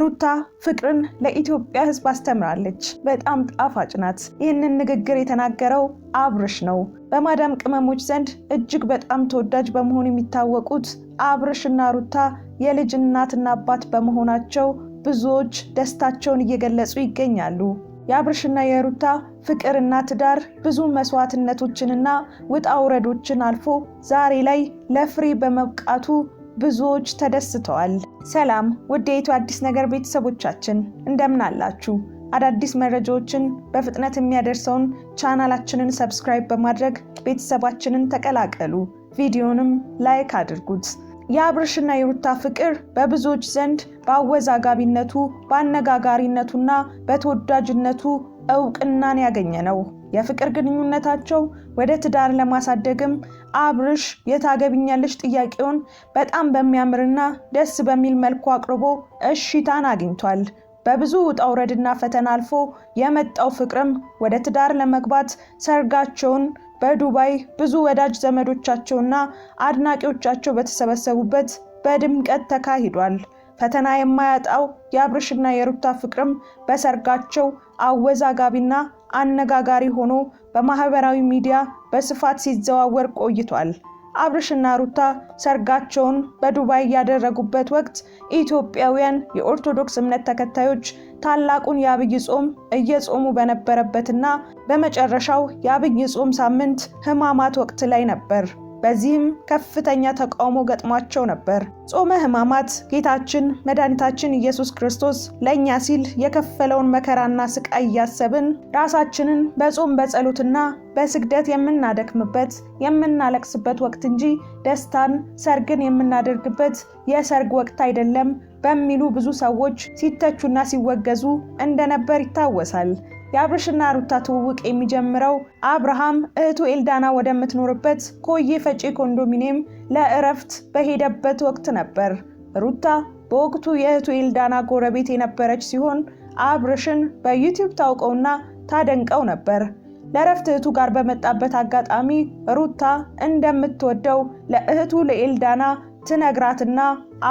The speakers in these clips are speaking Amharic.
ሩታ ፍቅርን ለኢትዮጵያ ሕዝብ አስተምራለች። በጣም ጣፋጭ ናት። ይህንን ንግግር የተናገረው አብርሽ ነው። በማዳም ቅመሞች ዘንድ እጅግ በጣም ተወዳጅ በመሆኑ የሚታወቁት አብርሽና ሩታ የልጅ እናትና አባት በመሆናቸው ብዙዎች ደስታቸውን እየገለጹ ይገኛሉ። የአብርሽና የሩታ ፍቅርና ትዳር ብዙ መስዋዕትነቶችንና ውጣ ውረዶችን አልፎ ዛሬ ላይ ለፍሬ በመብቃቱ ብዙዎች ተደስተዋል። ሰላም ውድ አዲስ ነገር ቤተሰቦቻችን እንደምን አላችሁ? አዳዲስ መረጃዎችን በፍጥነት የሚያደርሰውን ቻናላችንን ሰብስክራይብ በማድረግ ቤተሰባችንን ተቀላቀሉ። ቪዲዮንም ላይክ አድርጉት። የአብርሽና የሩታ ፍቅር በብዙዎች ዘንድ በአወዛጋቢነቱ፣ በአነጋጋሪነቱና በተወዳጅነቱ እውቅናን ያገኘ ነው። የፍቅር ግንኙነታቸው ወደ ትዳር ለማሳደግም አብርሽ የታገቢኛለሽ ጥያቄውን በጣም በሚያምርና ደስ በሚል መልኩ አቅርቦ እሺታን አግኝቷል። በብዙ ውጣ ውረድና ፈተና አልፎ የመጣው ፍቅርም ወደ ትዳር ለመግባት ሰርጋቸውን በዱባይ ብዙ ወዳጅ ዘመዶቻቸውና አድናቂዎቻቸው በተሰበሰቡበት በድምቀት ተካሂዷል። ፈተና የማያጣው የአብርሽና የሩታ ፍቅርም በሰርጋቸው አወዛጋቢና አነጋጋሪ ሆኖ በማህበራዊ ሚዲያ በስፋት ሲዘዋወር ቆይቷል። አብርሽና ሩታ ሰርጋቸውን በዱባይ ያደረጉበት ወቅት ኢትዮጵያውያን የኦርቶዶክስ እምነት ተከታዮች ታላቁን የአብይ ጾም እየጾሙ በነበረበትና በመጨረሻው የአብይ ጾም ሳምንት ህማማት ወቅት ላይ ነበር። በዚህም ከፍተኛ ተቃውሞ ገጥሟቸው ነበር። ጾመ ሕማማት ጌታችን መድኃኒታችን ኢየሱስ ክርስቶስ ለእኛ ሲል የከፈለውን መከራና ስቃይ እያሰብን ራሳችንን በጾም በጸሎትና በስግደት የምናደክምበት የምናለቅስበት ወቅት እንጂ ደስታን፣ ሰርግን የምናደርግበት የሰርግ ወቅት አይደለም በሚሉ ብዙ ሰዎች ሲተቹና ሲወገዙ እንደነበር ይታወሳል። የአብርሽና ሩታ ትውውቅ የሚጀምረው አብርሃም እህቱ ኤልዳና ወደምትኖርበት ኮዬ ፈጪ ኮንዶሚኒየም ለእረፍት በሄደበት ወቅት ነበር። ሩታ በወቅቱ የእህቱ ኤልዳና ጎረቤት የነበረች ሲሆን አብርሽን በዩቲዩብ ታውቀውና ታደንቀው ነበር። ለእረፍት እህቱ ጋር በመጣበት አጋጣሚ ሩታ እንደምትወደው ለእህቱ ለኤልዳና ትነግራትና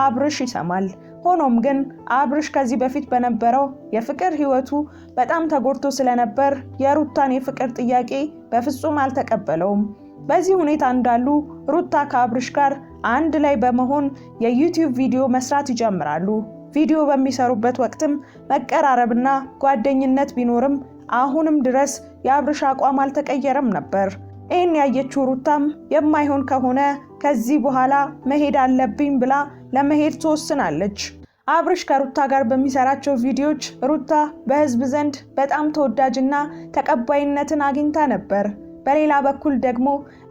አብርሽ ይሰማል። ሆኖም ግን አብርሽ ከዚህ በፊት በነበረው የፍቅር ህይወቱ በጣም ተጎድቶ ስለነበር የሩታን የፍቅር ጥያቄ በፍጹም አልተቀበለውም። በዚህ ሁኔታ እንዳሉ ሩታ ከአብርሽ ጋር አንድ ላይ በመሆን የዩቲዩብ ቪዲዮ መስራት ይጀምራሉ። ቪዲዮ በሚሰሩበት ወቅትም መቀራረብና ጓደኝነት ቢኖርም አሁንም ድረስ የአብርሽ አቋም አልተቀየረም ነበር። ይህን ያየችው ሩታም የማይሆን ከሆነ ከዚህ በኋላ መሄድ አለብኝ ብላ ለመሄድ ትወስናለች። አብርሽ ከሩታ ጋር በሚሰራቸው ቪዲዮዎች ሩታ በህዝብ ዘንድ በጣም ተወዳጅና ተቀባይነትን አግኝታ ነበር። በሌላ በኩል ደግሞ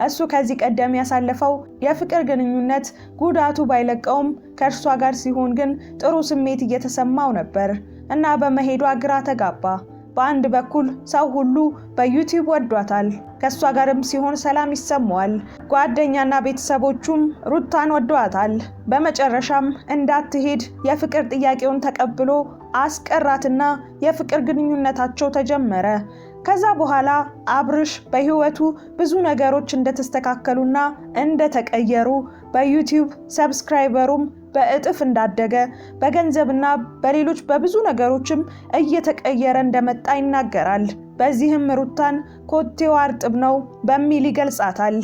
እሱ ከዚህ ቀደም ያሳለፈው የፍቅር ግንኙነት ጉዳቱ ባይለቀውም ከእርሷ ጋር ሲሆን ግን ጥሩ ስሜት እየተሰማው ነበር እና በመሄዷ ግራ ተጋባ። በአንድ በኩል ሰው ሁሉ በዩቲዩብ ወዷታል። ከእሷ ጋርም ሲሆን ሰላም ይሰማዋል። ጓደኛና ቤተሰቦቹም ሩታን ወደዋታል። በመጨረሻም እንዳትሄድ የፍቅር ጥያቄውን ተቀብሎ አስቀራትና የፍቅር ግንኙነታቸው ተጀመረ። ከዛ በኋላ አብርሽ በህይወቱ ብዙ ነገሮች እንደተስተካከሉና እንደተቀየሩ በዩቲዩብ ሰብስክራይበሩም በእጥፍ እንዳደገ በገንዘብና በሌሎች በብዙ ነገሮችም እየተቀየረ እንደመጣ ይናገራል። በዚህም ሩታን ኮቴዋ እርጥብ ነው በሚል ይገልጻታል።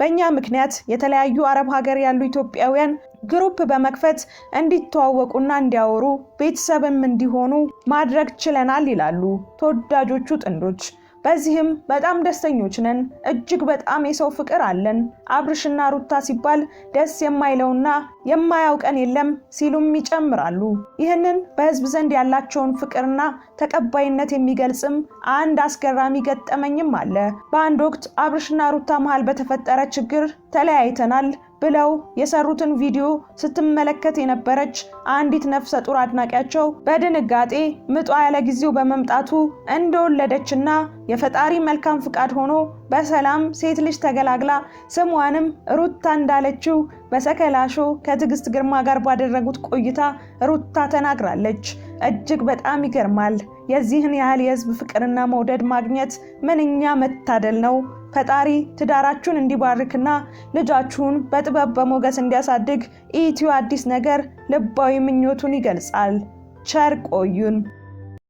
በእኛ ምክንያት የተለያዩ አረብ ሀገር ያሉ ኢትዮጵያውያን ግሩፕ በመክፈት እንዲተዋወቁና እንዲያወሩ ቤተሰብም እንዲሆኑ ማድረግ ችለናል ይላሉ ተወዳጆቹ ጥንዶች። በዚህም በጣም ደስተኞች ነን። እጅግ በጣም የሰው ፍቅር አለን። አብርሽና ሩታ ሲባል ደስ የማይለውና የማያውቀን የለም ሲሉም ይጨምራሉ። ይህንን በህዝብ ዘንድ ያላቸውን ፍቅርና ተቀባይነት የሚገልጽም አንድ አስገራሚ ገጠመኝም አለ። በአንድ ወቅት አብርሽና ሩታ መሃል በተፈጠረ ችግር ተለያይተናል ብለው የሰሩትን ቪዲዮ ስትመለከት የነበረች አንዲት ነፍሰ ጡር አድናቂያቸው በድንጋጤ ምጧ ያለ ጊዜው በመምጣቱ እንደወለደችና የፈጣሪ መልካም ፍቃድ ሆኖ በሰላም ሴት ልጅ ተገላግላ ስሟንም ሩታ እንዳለችው በሰከላሾ ከትዕግስት ግርማ ጋር ባደረጉት ቆይታ ሩታ ተናግራለች። እጅግ በጣም ይገርማል። የዚህን ያህል የህዝብ ፍቅርና መውደድ ማግኘት ምንኛ መታደል ነው። ፈጣሪ ትዳራችሁን እንዲባርክና ልጃችሁን በጥበብ በሞገስ እንዲያሳድግ ኢትዮ አዲስ ነገር ልባዊ ምኞቱን ይገልጻል። ቸር ቆዩን።